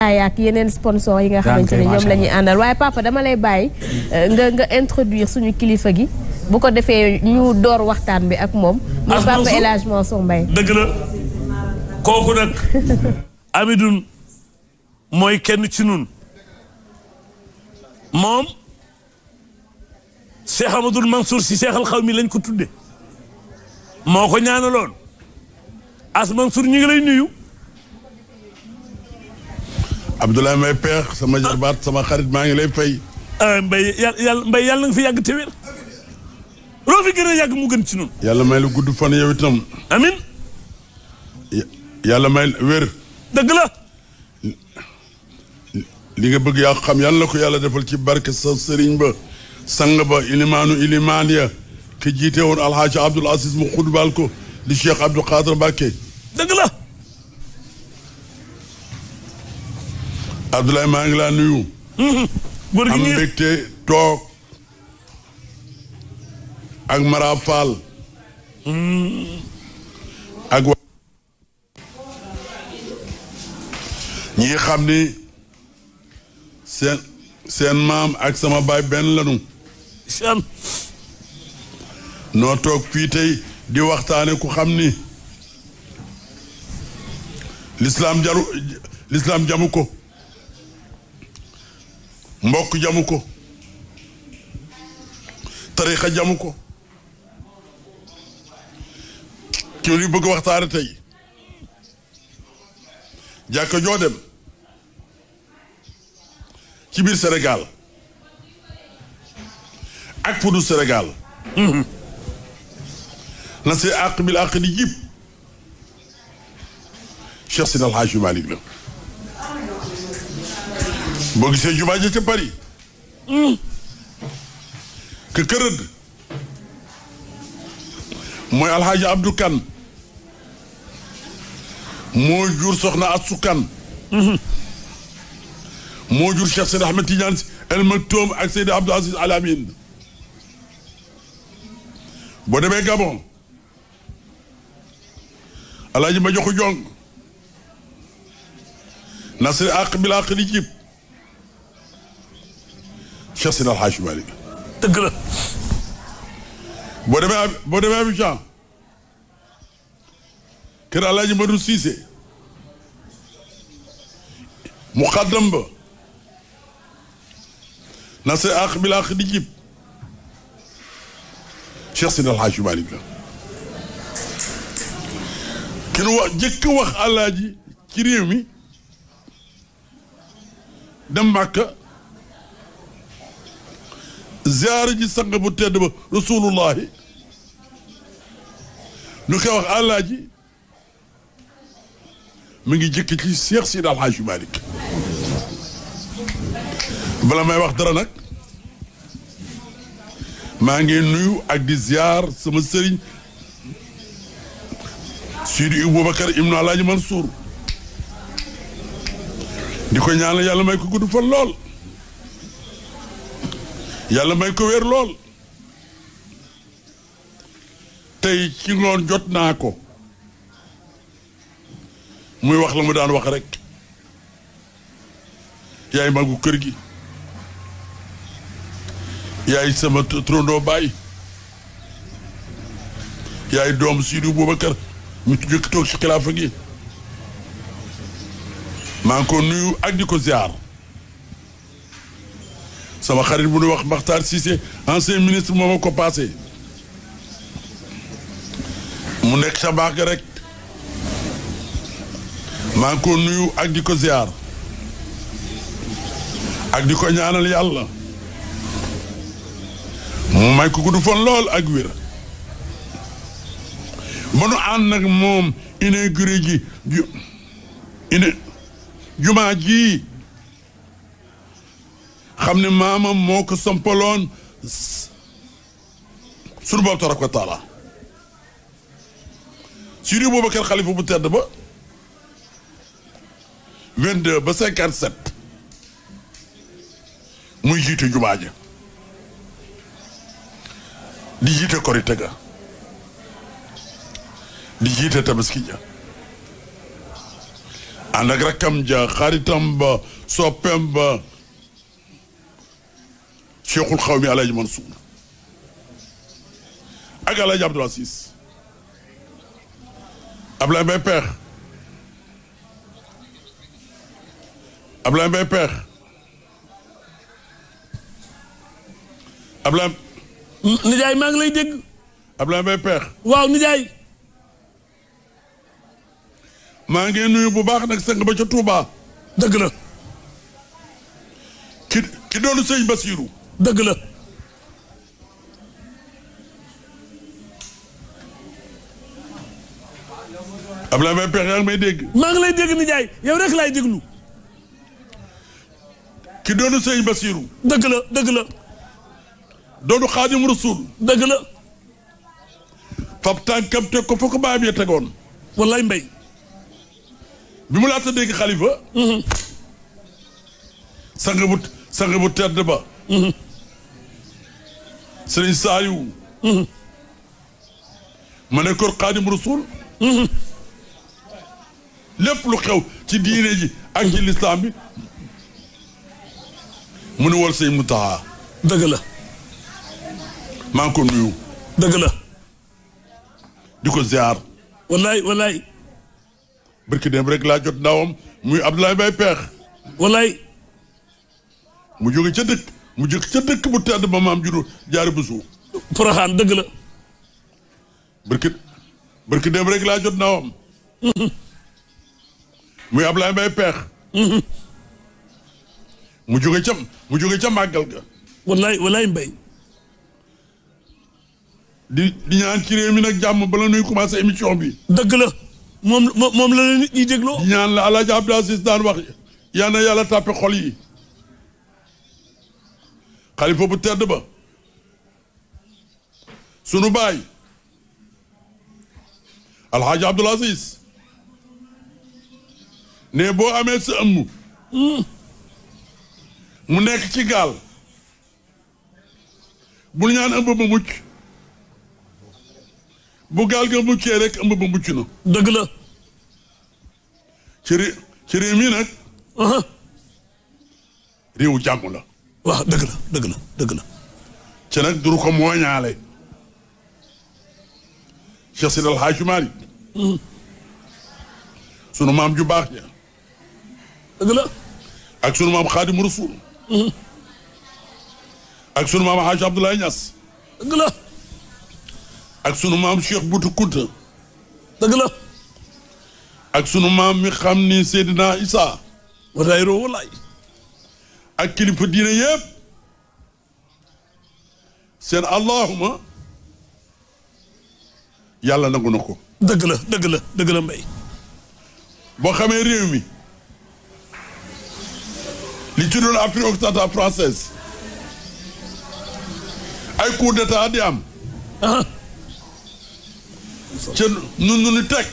ak yeneen sponsor yi nga xamante ne ñoom la ñuy àndal waaye papa dama lay bàyyi euh, nga nga introduire suñu kilifa gi bu ko defee ñu door waxtaan bi ak moom muy papa El Hadj Mansour dëgg la kooku nag Amidun mooy kenn ci nun moom Cheikh Amadou Mansour si Cheikh al Xawmi lañ ko tudde moo ko ñaanaloon as Mansour ñu ngi lay nuyu Abdoulaye Mbaye Pekh sama ah. jarbaat sama xarit maa ngi lay fay. Ah, Mbaye yàlla Mbaye yàlla nga fi yàgg te wér. loo fi gën a yàgg may la gudd fan yow itam. amin may wér. dëgg la. li nga bëgg yaa xam yàlla yàlla defal ci barke sa sëriñ ba sang ba ilimaanu ilimaan ya ki jiite woon alxaaji Abdul Aziz mu xutbaal ko di Cheikh Abdou Khadre Mbacké. dëgg la. Abdoulaye maa ngi laa nuyu. am mbégte toog ak Mara Fall. Mm. ak waa ñi xam ni seen seen maam ak sama baay benn lanu noo toog fii tey di waxtaane ku xam ni lislaam jaru lislaam jamu ko mbokk jamu ko tarixa jamu ko ki li bëgg waxtaane tey jàkka joo dem ci biir Sénégal ak fu du Sénégal mhm. na see àq bil àq di jib Cheikh Sina Alhaji Malick la boo gisee jumaa ja ca Paris. Mm. ke kërëd mooy alxaaji Abdou Kan moo jur soxna Assou mm-hmm. moo jur Cheikh Seydi Ahmed Tidiane El Maktoum ak Seydi Abdou Aziz Al Amine boo demee Gabon alaaji ma joxu jong nasri àq bil àq di Cheikh Seydi El Hadji Malick dëgg la boo demee boo demee Abidjan kër Alaaji Madu Siise muqaddam ba na se aq bi laq di jib Cheikh Seydi El Hadji Malick la ki nu wax jëkk wax Alaaji ci réew mi dem Màkka ziyaara ji sang bu tedd ba rasulullahi ñu koy wax àllaaji mi ngi jëkk ci Cheikh Sidi Alhaji bala may wax dara nag maa ngi nuyu ak di ziyaar sama sëriñ Sidi Aboubacar ibnu Alhaji Mansour di ko ñaanal yàlla may ko gudd fan lool yàlla may ko wér lool tey ci ngoon jot naa ko muy wax la mu daan wax rek yaay magu kër gi yaay sama trondoo baay yaay doom Sidi Boubacar mu jëkk toog ci xilaafa gi maa ngi ko nuyu ak di ko ziar sama xarit bu ñu wax Makhtar Cissé ancien ministre moo ma ko passé mu nekk sa baax rek maa ngi ko nuyu ak di ko ziar ak di ko ñaanal yàlla mu may ko gudd fon lool ak wér ba nu ànd nag moom inauguré gi ju ina jumaa ji xam ne maamam moo ko sampaloon sunu borom tabaraka wa taala Sidi Boubacar xalifa bu tedd ba 22 ba 57 muy jiite jumaa ja di jiite korite ga di jiite tabaski ja ànd ak rakkam ja xaritam ba soppem ba cheikhul xaw mi alaaji Mansour ak alaaji Abdou Aziz Ablaye Mbaye Pekh nijaay maa ngi lay dégg Ablaye Mbaye Pekh waaw nijaay maa ngi nuyu bu baax nag sang ba ca tuuba dëgg la ki ki doonu sëñ Basiru dëgg la Abdoulaye Mbaye Pekh yaa ngi may dégg maa ngi lay dégg nijaay yow rekk laay déglu ki doonu sëñ Basiru dëgg la dëgg la doonu Xaadim Rasul dëgg la fab tànkam teg ko foo ko bàyyam ya tegoon wallaay mbay bi mu laata dégg xalifa mm-hmm. sang bu sang ba mm-hmm. sëriñ Saaliw mm-hmm. ma ne ko xaadim rasul mm-hmm. lépp lu xew ci diine ji ak ci mm-hmm. lislaam bi mu ne wal sëñ Mutaha dëgg la maa ngi ko di ko ziar wallaay wallaay barki dem rek laa jot ndawam muy Abdoulaye Baye Peex wallaay mu jóge ca dëkk mu jëkk ca dëkk bu tedd ba maam juróom jaari bu suuf dëgg la bërki bërki dem rek laa jot naa wam muy Ablaye Mbaye peex mu jóge cam mu jóge ca màggal ga wallaay wallaay mbay di di ñaan ci réew mi nag jàmm bala nuy commencé émission bi dëgg la moom moom la nit ñi dégloo ñaan la El Hadj Abdou Aziz daan wax yal na yàlla tàppe xol yi xalifa bu tedd ba sunu baay alxaaji abdul aziz boo amee sa ëmm mu nekk ci gaal bul ñaan ëmb ba mucc bu gaal ga muccee rek ëmb ba mucc na dëgg la ci ci réew mi nag réewu jàmm la waaw dëgg la dëgg la dëgg la. nag duru ko mooñaale. Cheikh Sidi El Hadj Malick. Hmm. sunu maam ju baax ja. dëgg la. ak sunu maam Xaadim Rasul. Hmm. ak sunu maam Hadj Abdoulaye Niass. dëgg ak sunu maam Cheikh mi xam ni Seydina Isa. walaay roo walaay. ak kilifa diine yëpp seen allahuma yàlla nangu na ko. dëgg la dëgg mbay. boo xamee réew mi li ci doon Afrique occidentale française ay coup d'état di am. Ah. ca nun nu ni teg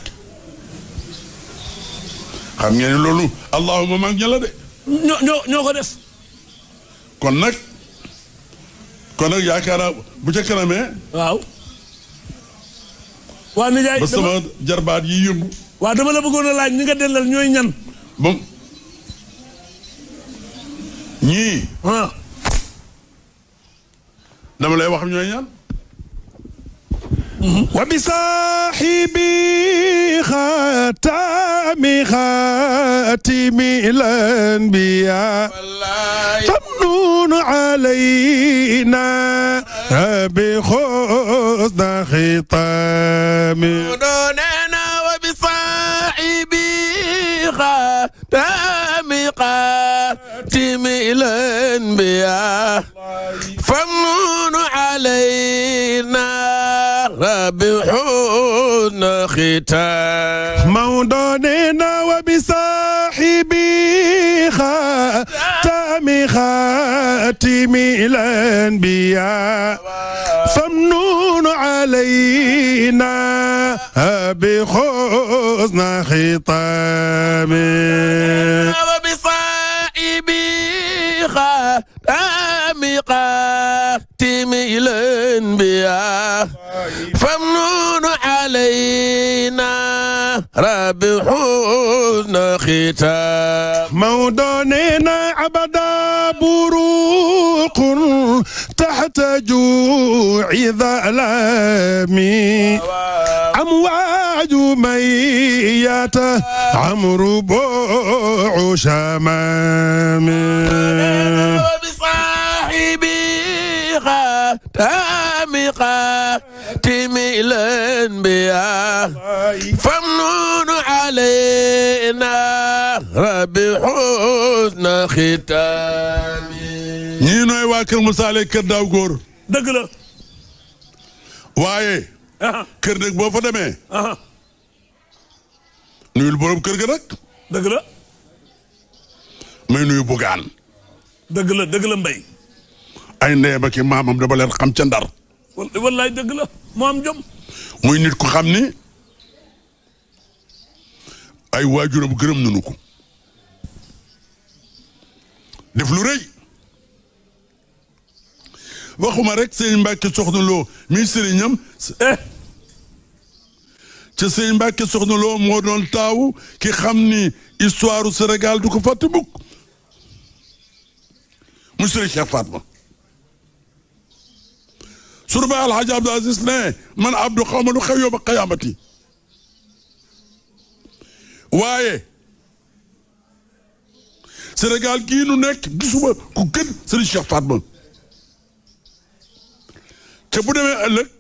xam ngeen loolu allahuma mag ña la de. ñoo ñoo ko def. kon nag kon nag yaakaar naa bu ca kanamee. waaw. waa nijaay ba sama jarbaat yi yëngu. waa dama la bëggoon a laaj ñi nga dellal ñooy ñan. ba ñii. Ah. dama lay wax ñooy ñan. وبصاحبي خاتم خاتم الأنبياء فمنون علينا بخصن خطام وبصاحبي خاتم تامقات من الانبياء فمن علينا ربحون ختام موضوعنا وبصاحبي خاتم خاتم الانبياء فمنون علينا خوزنا خطابي وبصائبي ختام قاتمي الانبياء فمنون علينا ربي حسن ختام موضوعنا ابدا بروق تحت جوع ظلامي آه. أمواج ميات عمرو بوع شمام بصاحبي خاتم تميل الأنبياء فمنون علينا ربي حسن ختامي ñii nooy مصالح kër غور Leye واي Uh-huh. kër nag boo fa demee. Uh-huh. nuyul borom kër ga nag. dëgg la. may nuyu bugaan. dëgg la dëgg la mbay. ay ndeyam ak maamam dama leen xam ca ndar. wallaay dëgg la moo am jom. muy nit ku xam ni ay waajur waajuram gërëm nañu ko. def lu rëy. waxuma rek sëriñ Mbàkke soxna loo mi sëriñam eh. ci sëriñ Mbàkke soxna loo moo doon taawu ki xam ni histoire u du ko fàtte mukk mu sëriñ Cheikh Fatma sur bay alxaaji Abdou Aziz ne man abdou xaw xew yowma xayaamati waaye Sénégal gii nu nekk gisuma ku gën sëriñ Cheikh Fatma te bu demee ëllëg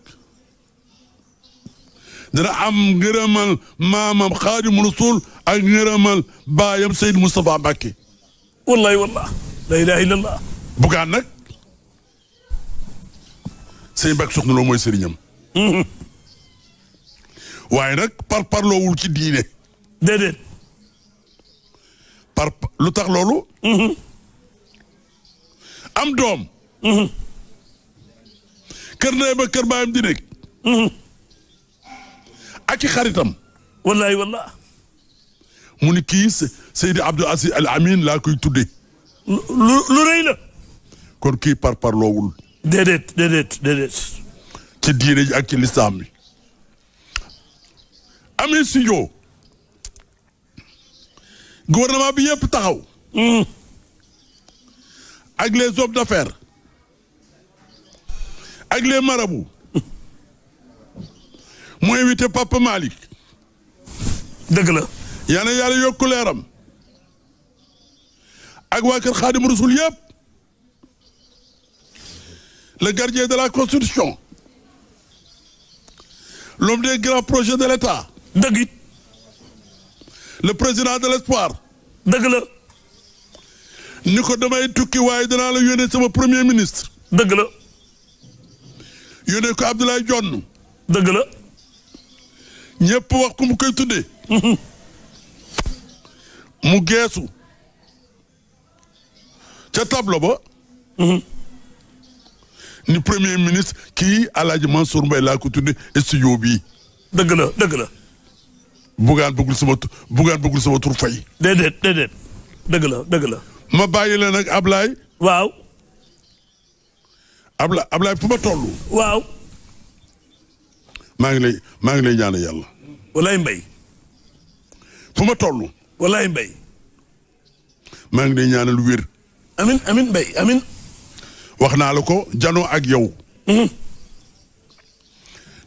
dana am ngërëmal maamam xaadim rasul ak ngërëmal baayam Seydou Moustapha Mbacke. wallahi wallah la ilaha illallah. bugaan nag sëñ Mbacke Soxna Lo mooy sëriñam. waaye nag par parloowul ci diine. déedéet. par lu tax loolu. am doom. kër ndey ba kër baayam di nekk. ak ci xaritam. wallahi wallah mu ni kii Seydi Abdou Aziz Al Amin laa koy tuddee. lu lu rëy la. kon kii par parloowul. déedéet déedéet déedéet. ci diine ji ak ci lislaam bi. amee studio. gouvernement bi yëpp taxaw. ak les hommes d'affaires. Avec les marabouts mu invité Papa Malik. dëgg la. yaa na yàlla yokk leeram ak le gardien de la constitution l'homme des grands projets de l'État. dëgg le président de l'espoir. dëgg Nous ni ko damay tukki la premier ministre. dëgg yónnee ko Abdoulaye Jonn dëgg la. ñëpp wax ku mu koy tudde mhm. mu geesu. ca tableau ba. Mhm. ni premier ministre kii El Hadj Mansour Mbaye laa ko tuddee studio bii. dëgg la dëgg la. bugaan bëggul sama tur bugaan bëggul sama tur fay. déedéet déedéet dëgg la dëgg la. ma bàyyi leen ak waaw. Ablaye Ablaye fu ma toll. waaw. maa ngi lay maa ngi lay ñaanal yàlla. walaay mbay. fu ma toll. walaay mbay. maa ngi lay ñaanal wér. amin amin mbay amin wax naa la ko janoo ak yow. Mhm.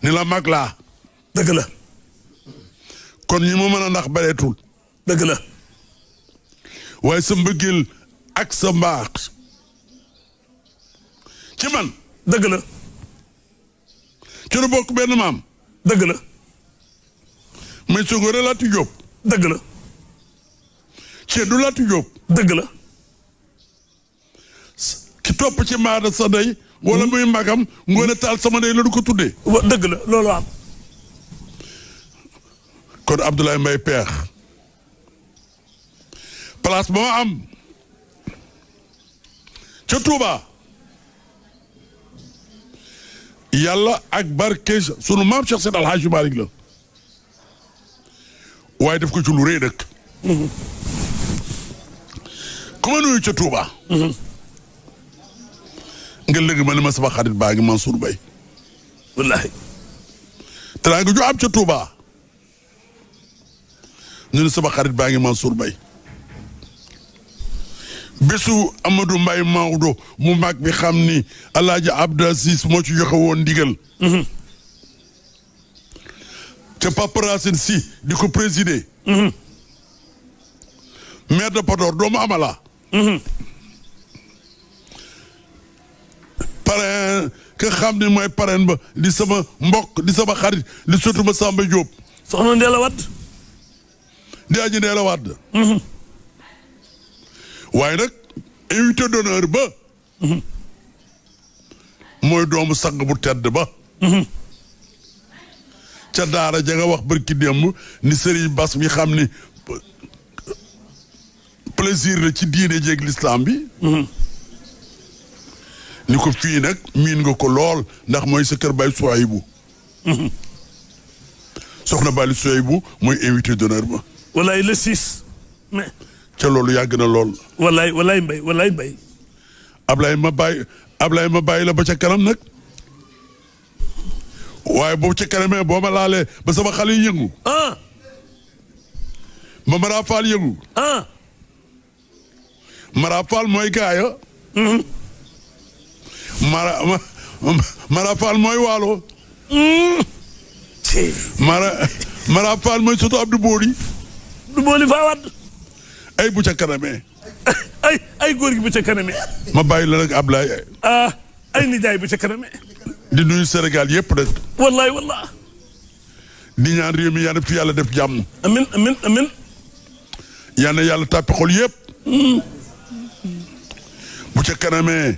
ni la mag laa. dëgg la. kon ñi ma mën a ndax bareetul. dëgg la. waaye sa mbëggeel ak sa mbaax. ci man dëgg la ci nu bokk benn maam dëgg la may Senghor Laati Jóob dëgg la Ceddu Laati Jóob dëgg la ki topp ci maada sa day wala muy magam ngoone taal sama day la du ko tuddee loolu am kon Abdoulaye Mbaye peex place am ca Touba yàlla ak barke sunu maam Cheikh Seydi Alhaaji Malick la waaye def ko ci lu rëy ku ma nuyu ca Touba nga léegi ma ne ma saba xarit baa ngi Mansour Bay wallaahi teraanga ju am ca Touba ñu ne sama xarit baa ngi Mansour Bay bésu Amadou Mbaye Maodo mu mag bi xam ni El Hadj Abdou moo ci joxe woon ndigal. Mhm. te Papa Racine di ko présider. Mhm. maire de doomu amala. Mhm. parrain ka xam ne mooy parrain ba di sama mbokk di sama xarit di sotti ma Samba Diop. soxna Ndéla Wade. di aji Ndéla Wade. waaye nag invité d'honneur ba. mooy doomu sang bu tedd ba. ca daara ja nga wax barki démb ni Serigne Bass mi xam ni plaisir la ci diine jeeg l'islam bi. ni ko fii nag miin nga ko lool ndax mooy sa kër Baye Souhaïbou. soxna Baye Souhaïbou mooy invité d'honneur ba. ca loolu yàgg na lool. wallaay wallaay mbay wallaay mbay. Ablaye ma bàyyi Ablaye ma bàyyi la ba ca kanam nag waaye boo ca kanamee boo ma laalee ba sama xale yi yëngu. ah. ma Mara Fall yëngu. ah. Mara Fall mooy gaaya. Mm-hmm. Mara Mara Fall mooy waalo. Mm. Mara Mara Fall mooy soto Abdou Bori. Abdou Bori Fawad. ay bu ca kanamee. ay ay góor gi bu ca kanamee. ma bàyyi la nag Ablaye. ah ay nijaay bu ca kanamee. di nuyu Sénégal yëpp nag. wallaay wallaah. di ñaan réew mi yàlla def ci yàlla def jàmm. amin amin amin yal na yàlla tàppi xol yëpp. bu ca kanamee.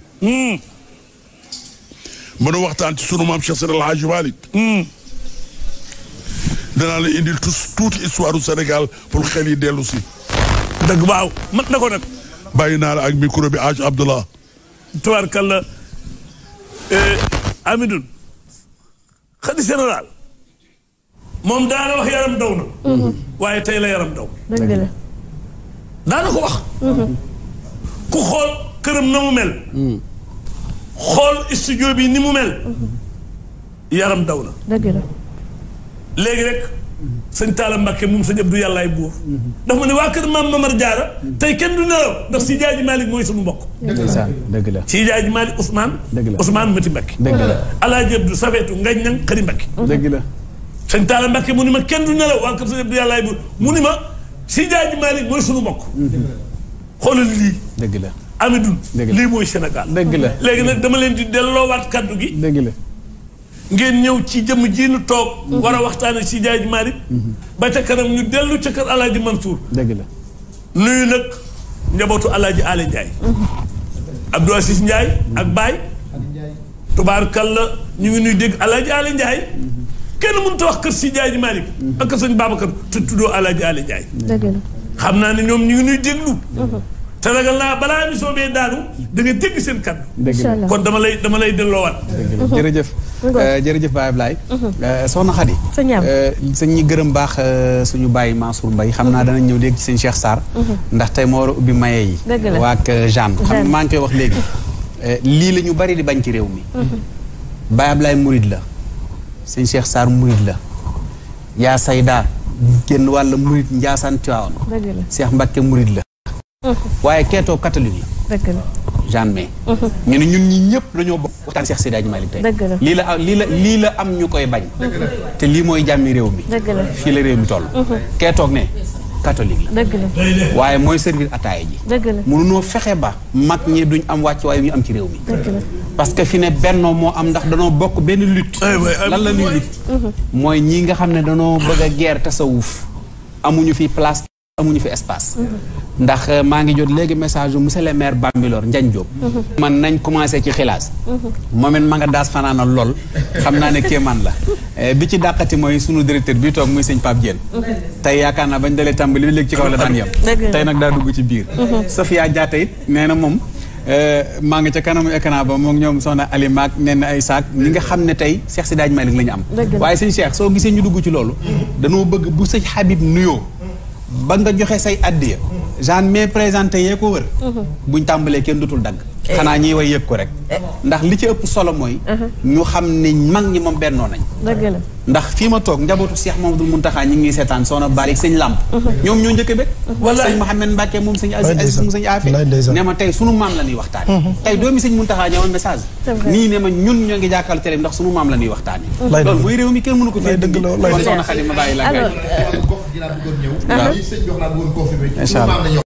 mën a waxtaan ci sunu maam Cheikh Seydi El Hadji Malick. danaa la indil tuuti histoire du Sénégal pour xel yi dellu si. dëgg waaw mat na ko nag. bàyyi naa la ak micro bi Aj Abdullah. tubaarkalla eh, Amidoune xadi général moom daana wax yaram daw mhm. waaye tey la yaram daw. dëgg ko wax. Mhm. ku xool këram na mu mel. Mm. xool studio bi ni mu mel. Mhm. yaram daw na. dëgg sëñ Talla Mbacke moom sëñ Abdou yàllaay buur ndax ma ne waa kër maam Mamar Diarra tey kenn du nelaw ndax si jaaji Malick mooy suñu mbokk ndeysaan dëgg la si jaaji Malick Ousmane dëgg la Ousmane Mati Mbacke dëgg la Alaaji Abdou Safeetu Ngañ Nang Xari Mbacke dëgg la sëñ Talla Mbacke mu ni ma kenn du nelaw waa kër sëñ Abdou yàllaay mu ni ma si jaaji Malick mooy suñu mbokk xoolal lii dëgg la Amidou lii mooy Sénégal dëgg la léegi nag dama leen di delloowaat kaddu gi dëgg la ngeen ñëw ci jëmm ji nu toog. war a waxtaan ak si jaay Malick. ba ca kanam ñu dellu ca kër El Hadj Mansour. dëgg la nuyu nag njabootu El Hadj Alé Ndiaye. Abdou Assis Ndiaye ak Baye. ñu ngi nuy dégg El Hadj Alé Ndiaye. kenn mënut a wax kër si jaay Malick. ak kër sëñ Babacar te tuddoo El Hadj Alé xam naa ne ñoom ñu ngi nuy déglu. Mhm. te ragal naa balaa émission bee daanu da nga dégg seen kàddu. kon dama lay dama lay delloowaat. jërëjëf. Euh, jërëjëf Baye Ablaye mhm. euh, soxna Khady euh, sëñ ñi gërëm baax suñu bàyyi Mansour mbay xam naa mhm. danañ ñëw dégg ci sëñ Cheikh Sarr mhm. ndax tey moo war a ubbi maye yi waak Jeanne xam maa ngi koy wax léegi lii la ñu bari di bañ ci réew mi Baye Ablaye murid la sëñ Cheikh Sarr murid la yaa sayda génn wàll murid Njaasaan Tiwaawan Cheikh Mbacké murid la waaye keetoo catholique la Jeanne mhm. ñu ne ñun ñi ñëpp dañoo bokk waxtaan Cheikh Seydi Hadji Malick tey. lii la lii la lii la am ñu koy bañ. te lii mooy jàmmi réew mi. dëgg la fii la réew mi toll. Mhm. kee toog ne catholique la. dëgg waaye mooy servir ataaya ji. dëgg la mënunoo fexe ba mag ñi duñ am wàcc waaye ñu am ci réew mi. dëgg parce que fi ne bennoo moo am ndax danoo bokk benn lutte. la ñuy lutte. Mhm. mooy ñii nga xam ne danoo bëgg a guerre tasawuf amuñu fi place. amuñu fi espace ndax euh, maa ngi jot léegi message bu monsieur le maire Bambilor njañ Diop man nañ commencé ci xilaas moom it ma nga daas fanaana lool xam naa ne kéemaan la euh, bi ci dàqati mooy sunu directeur bi toog muy sëñ Pape Diène tey yaakaar naa bañ dalee tàmbali bi ci kaw la daan yem tey nag daa dugg ci biir Sofia Diatta it nee na moom euh, maa ngi ca kanamu écran ba moom ñoom soxna Ali Maak nee na ay saak ñi nga xam ne tey Cheikh Sidaaj Malick la ñu am waaye sëñ Cheikh soo gisee ñu dugg ci loolu dañoo bëgg bu sëñ Habib nuyoo ba nga joxe say addiya mm-hmm. genre mais présenté yee ko wër mm-hmm. buñ tàmbalee kenn dutul dagg Eh. xanaa ñiy way yëg ko rek eh. ndax li ci ëpp solo mooy uh-huh. ñu xam ne mag ñi moom bennoo nañ ndax fii ma toog njabootu Cheikh Mamadou Mountakha ñi ngi seetaan soxna Bari sëñ Lamp uh-huh. ñoom ñoo njëkk bég wala sëñ Mouhamed Mbacke uh-huh. message nii ne ma ñun ñoo ngi jàkkal télé ndax sunu maam la ñuy waxtaane loolu mooy réew mi kenn mënu ko fee dëgg kon soxna Xalima bàyyi la nga euh,